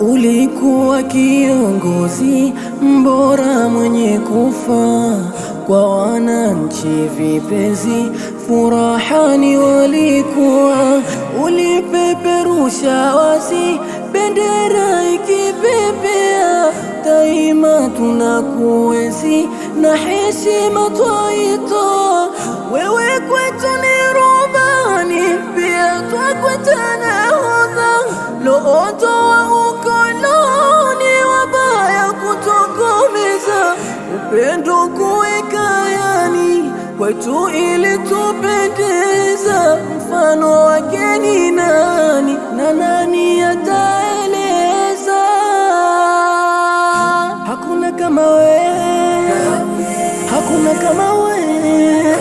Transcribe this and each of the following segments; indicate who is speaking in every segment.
Speaker 1: Ulikuwa kiongozi mbora mwenye kufa kwa wananchi vipenzi, furahani walikuwa. Ulipeperusha wazi bendera ikipepea, daima tunakuwezi na heshima twaitoa. Wewe kwetu ni rubani, pia twakwetana kwetu ilitupendeza, mfano wake ni nani na nani ataeleza? Hakuna kama wewe, hakuna kama wewe,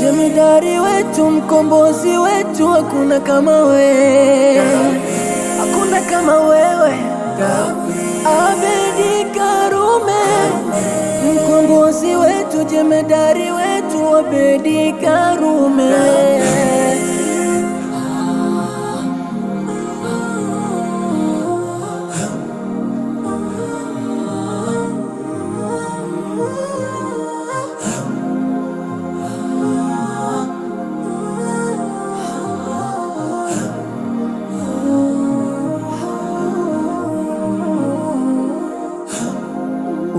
Speaker 1: jemedari wetu, mkombozi wetu, hakuna kama wewe, hakuna kama wewe Abedi Karume, mkombozi wetu, jemedari wetu Obedi Karume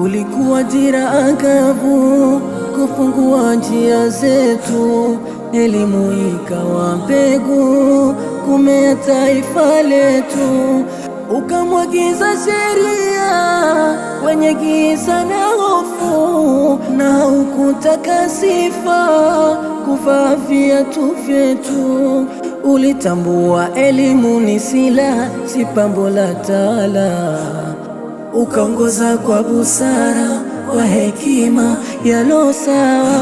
Speaker 1: ulikuwa jira angavu kufungua njia zetu, elimu ikawa mbegu, kumea taifa letu, ukamwagiza sheria kwenye giza na hofu, na ukutaka sifa kuvaa viatu vyetu. Ulitambua elimu ni sila si pambo la tala, ukaongoza kwa busara kwa hekima yalo sawa.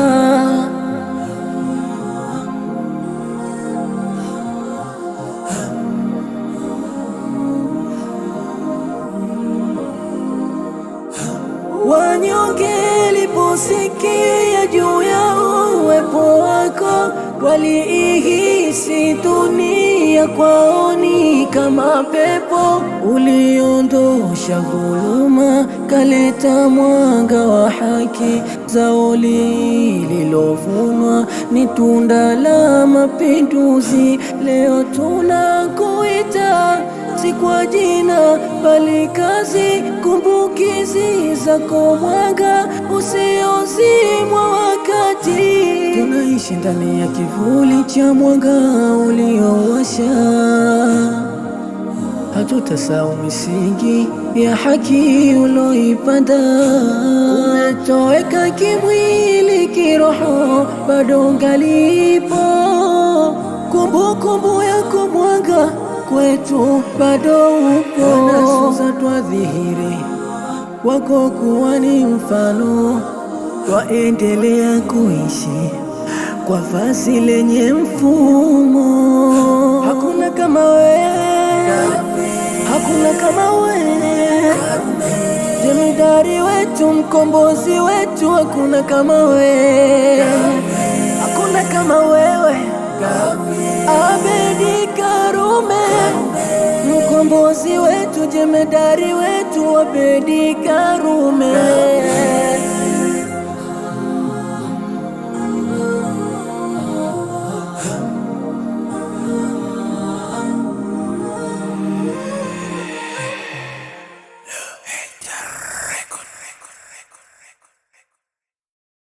Speaker 1: Wanyonge waliposikia juu ya uwepo wako, waliihisi dunia kwaoni kama pepo, uliondosha dhuluma, kaleta mwanga wa haki. Zao lililovunwa ni tunda la mapinduzi. Leo tunakuita si kwa jina, bali kazi. Kumbukizi zako mwanga usiozimwa wakati tunaishi ndani ya kivuli cha mwanga uliowasha hatutasahau misingi ya haki uloipanda. Umetoweka kimwili, kiroho bado ngalipo, kumbukumbu ya kumwaga kwetu bado upo.
Speaker 2: Wanasusa twadhihiri wako kuwa ni mfano, twaendelea kuishi kwa fasi lenye mfumo,
Speaker 1: hakuna kama wewe hakuna kama wewe, jemidari wetu, mkombozi wetu, hakuna kama wewe, hakuna kama wewe, Abedi Karume, mkombozi wetu, jemedari wetu, Abedi Karume.